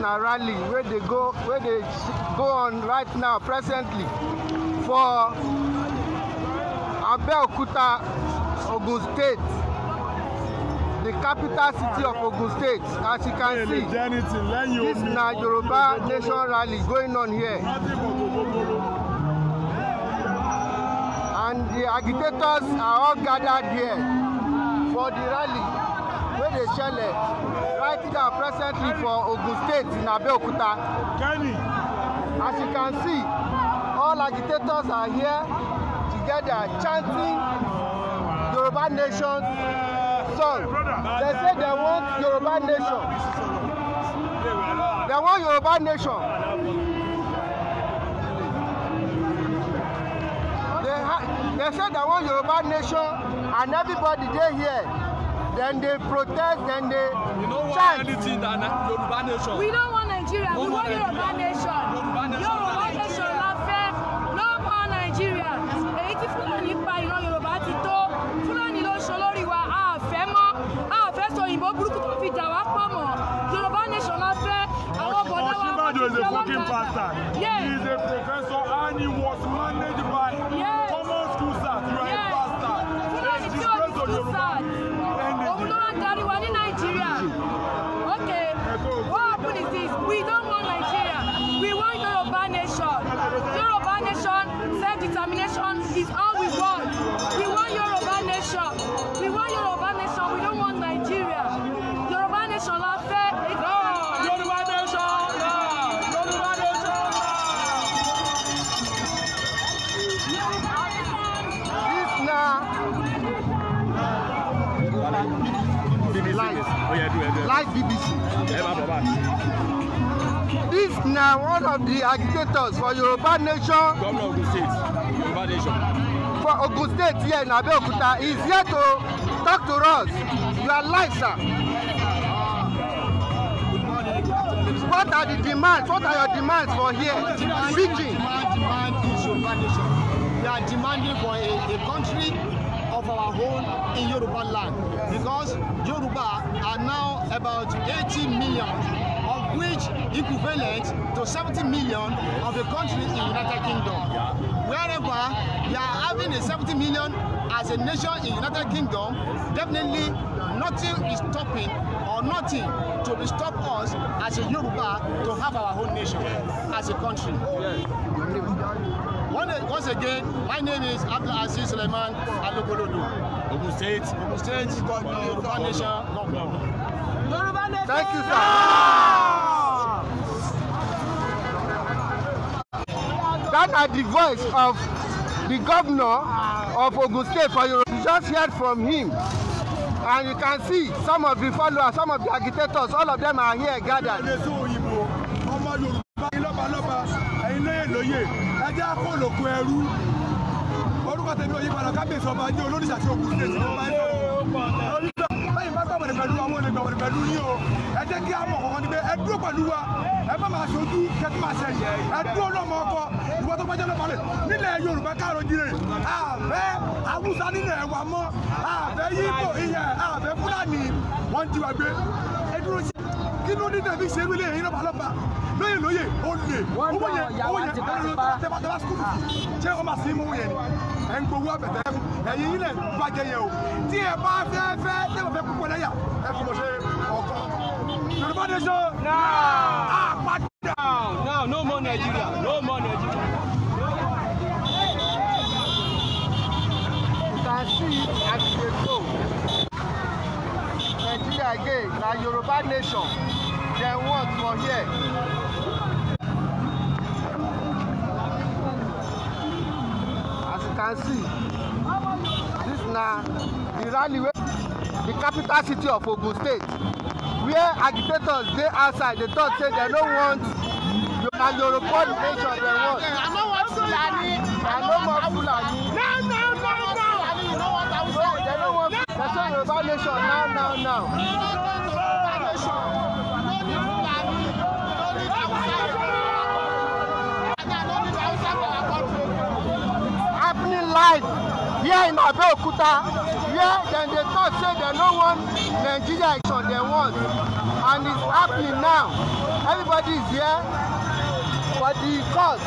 na rally wey dey go go on right now presently for abeokuta ogun state the capital city of ogun state as you can see this na yoruba nation rally going on here and the agitators are all gathered here for the rally wey dey ṣẹlẹ̀ right now presently for Ogun State in Abeokuta. As you can see, all agitators are here together chanting Yoruba Nation song. They say they want Yoruba Nation. They want Yoruba Nation. They, ha they say they want Yoruba Nation and everybody they here then they protest, then they. We don't anything Yoruba nation. We don't want Nigeria. No we want Yoruba nation. fight bbc this na one of the agitators for yoruba nation governor ogun state yoruba nation for ogun state here in abeokuta he is here to talk to us you are live sir what are the demands what are your demands for here preaching. demand demand is yoruba nation we are demanding for a a country of our own in Yoruba land because Yoruba are now about 80 million of which equivalent to 70 million of the country in United Kingdom. Wherever you are having a 70 million as a nation in United Kingdom, definitely nothing is stopping or nothing to stop us as a Yoruba to have our own nation as a country. Yes. Once again, my name is Abdul Aziz Suleiman Alogolodo. Ogun State. Ogun State. Yoruba Nation. Yoruba Nation. Thank you, sir. That are the voice of the governor of Ogun State for Yoruba. You just heard from him. And you can see some of the followers, some of the agitators, all of them are here gathered lóye ẹjẹ́ akólòkó ẹrú orúkọ tèmi ò padà kábíyèsí ọba ní olóríṣà tí òkú ṣe ti ló máa ń lò lẹ́yìn bá gbàgbọ́dẹ̀ pẹ̀lú àwọn olùgbàgbọ́dẹ̀ pẹ̀lú yín o ẹ kí a mọ̀ kọ̀ọ̀kan ni pé ẹ pẹ̀lú wa ẹ má máa ṣojú kẹ́kí máa ṣe ẹ dúró ọkọ ìwọ tó gbẹ́jọ́ lọ́pàá rẹ̀ Yorùbá káàró jíire ààbẹ̀ Haúsá nílẹ̀ ẹ̀wà mọ́ ààbẹ̀ Yíbò ìyẹn ààbẹ̀ Fúlàní wọ́n ti wá gbé dúró sí kí ló ní tẹ̀bí ṣe eré eléyìí náà balọ́ba lóye lóye olè owó yẹn owó yẹn tẹ́bátẹ́bá sukùlù ṣé wọ́n sí mú yẹn ẹ̀ ń gbowó àbẹ̀tẹ̀ ẹ̀yìn yìí bàjẹ́ yẹn o tí ẹ bá fẹ́ fẹ́ tẹ́wọ̀ fẹ́ púpọ̀ lẹ́yà ẹ fi mọ̀ ṣe ọ̀kan Yorùbá nation àpàdé. now no more Nigeria no more Nigeria. You can see again na yoruba nation dem want for here. as you can see this na the rally wey the capital city of ogun state where agitators dey outside dey talk say dem no want na yoruba nation dem want. i no want fulani. i no want fulani. Yorùbá nation now now now. Yorùbá nation ló ní Fúlàní ló ní Hausa ló ní Hausa for our Happening live here in Abeokuta where dem dey talk say dem no wan Nigeria election dem want and it's happening now everybody is here for the cause.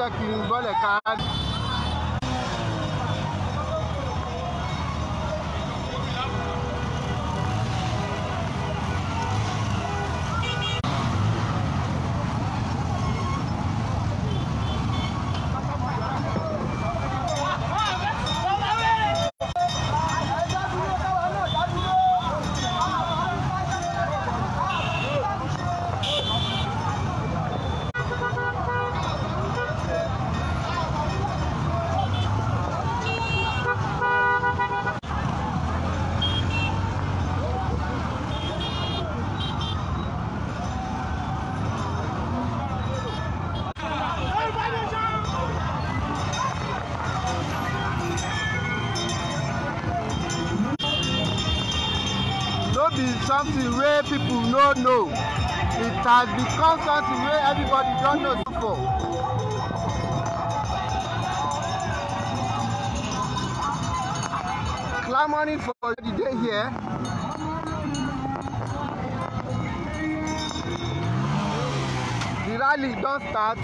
daqui, um cara. people no know it has become something where everybody don't know before. clamoring for the day here. The rally don't start.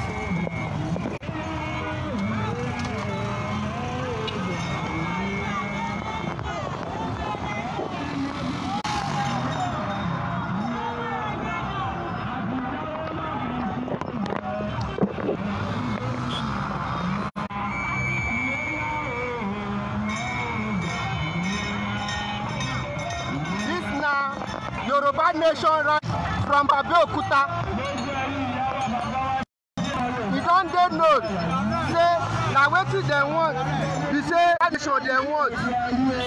migration right from Abeokuta. E don dey known say na wetin dem want be say tradition dem want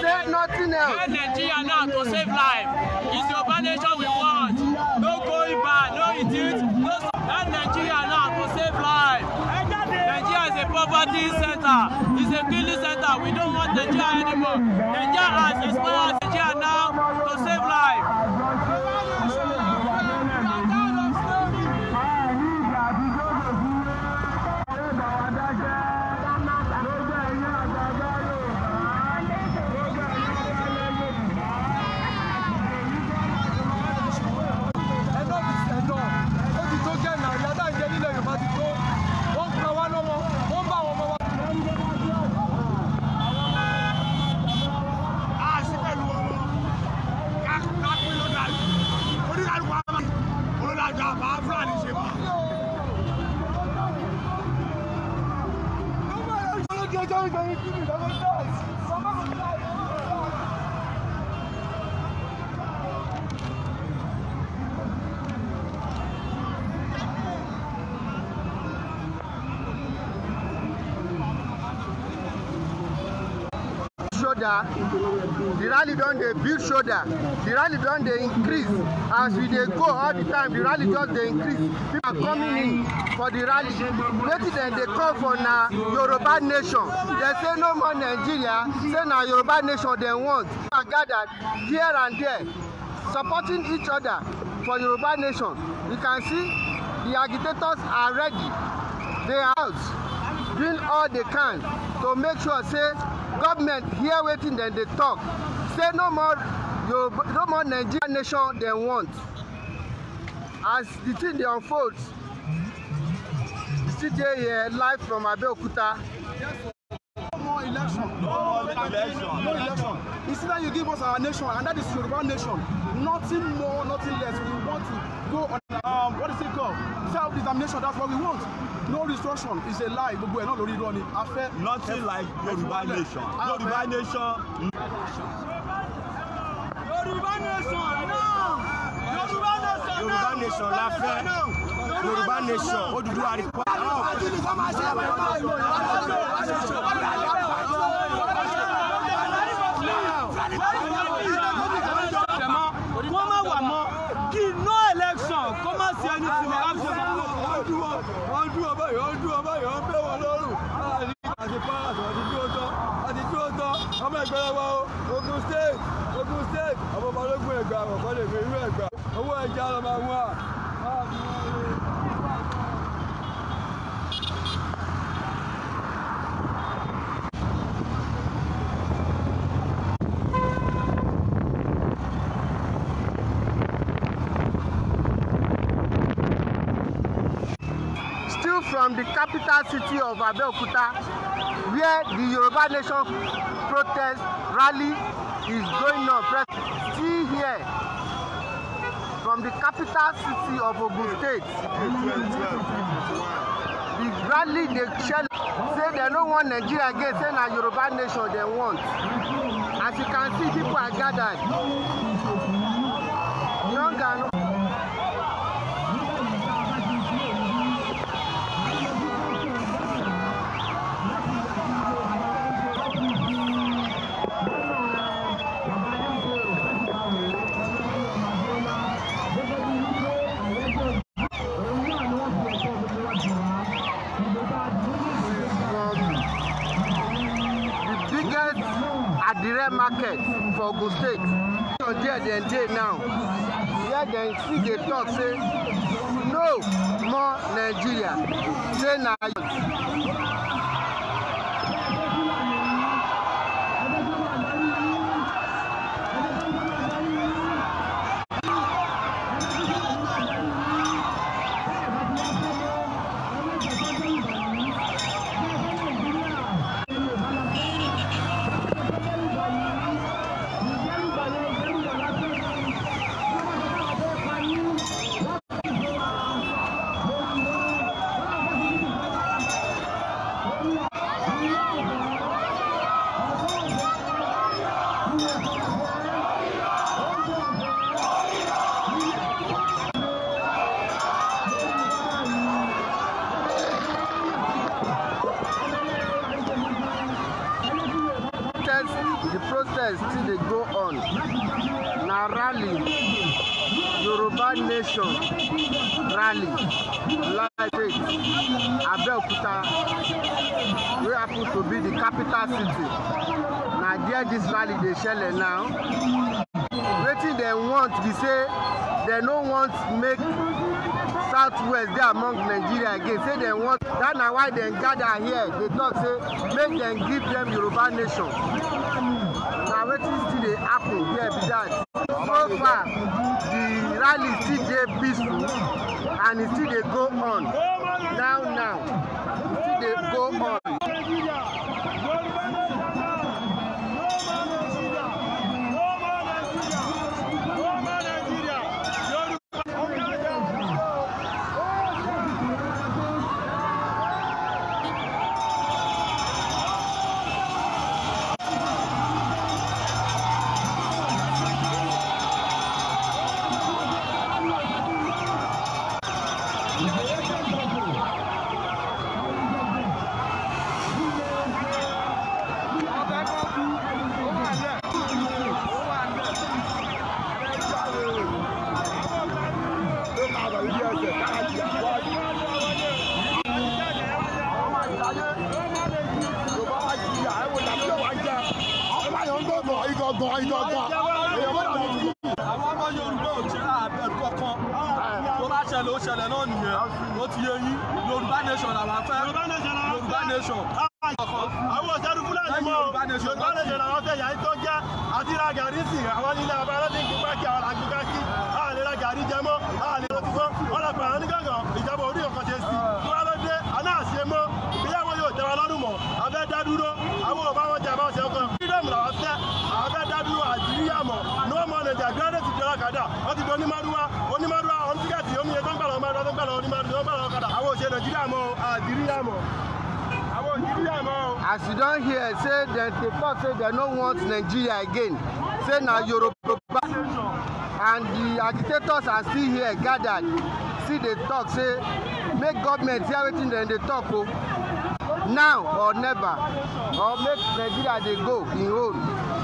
say nothing else. Help Nigeria now to save life. It's the urban we want. No going back, no retreat, no help Nigeria now to save life. Nigeria is a poverty center. It's a killing center. We don't want Nigeria anymore. Nigeria has expired shoulder the rally don dey build shoulder the rally don dey increase as we dey go all the time the rally just dey increase people are coming in for the rally wetin dem dey call for na yoruba nation dem say no more nigeria say na yoruba nation dem want people are gathered here and there supporting each other for yoruba nation you can see the agitators are ready they are out doing all they can to make sure say government hear wetin dem dey talk say no more yoruba no more nigerian nation dem want as the thing dey unfold still dey here live from abeokuta. Yes, more election. No more election. No election. It's either you give us our nation, and that is Yoruba nation. Nothing more, nothing less. We want to go on. Um, what is it? self determination that's what we want no restriction is a lie gbogbo ẹ̀ náà lórí irọ́ ni a fẹ́. nothing like yorùbá nation yorùbá nation. yorùbá nation náà yorùbá nation náà yorùbá nation la fẹ́ yorùbá nation Odùduwà àríkọ́. ṣọlọ́wọ́ Ogun State Ogun State ọmọ balógun ẹ̀gbà ọ̀kọ́ lè mú irú ẹ̀gbà owó ẹja lọ máa wọ́n à. Still from the capital city of Abeokuta, where the Yoruba Nation protest rally is going on See here from the capital city of Ogun State. the rally dey shell say they don't want Nigeria again say na Yoruba nation They want. As you can see people are gathered. Young and adire market for ogun state so there dem dey now where dem still dey talk say no more nigeria say na. protest still dey go on na rally yoruba nation rally lagos abeokuta wey happen to be the capital city na there this rally dey shele now wetin dem want be say dem no want make southwest dey among nigeria again say dem want that na why dem gather here dey talk say make dem give dem yoruba nation na wetin still dey happen here be that so far the rally still dey peaceful and e still dey go on now now e still dey go on. ọ̀gbọ̀n ìdọ̀gbọ̀n èèyàn mọ́ta ló àwọn Yorùbá ò jẹ́ àbẹ̀rù kankan tó bá ṣẹlẹ̀ ó ṣẹlẹ̀ náà nìyẹn ó ti yé yín Yorùbá nation làwọn fẹ́ Yorùbá nation àwọn ọ̀sẹ̀ dúkúlẹ̀ ni mo Yorùbá nation làwọn fẹ́ yà á tó jẹ́ àti sí àwọn nílẹ̀ ti di onímọ̀rúwá onímọ̀rúwá onítíkẹ́ẹ̀tì omi yẹn tó ń gbà lọ́wọ́ tó ń gbà lọ́wọ́ tó ń gbà ọ̀kadà àwọn òṣèlú nàìjíríà mọ́ àdìríyà mọ́ àwọn òṣèlú mọ́. as you don hear say dem dey talk say dem no want nigeria again say na yoruba and di agitators are still here gathered still dey talk say make government hear wetin dem dey talk o now or never or make nigeria dey go im own.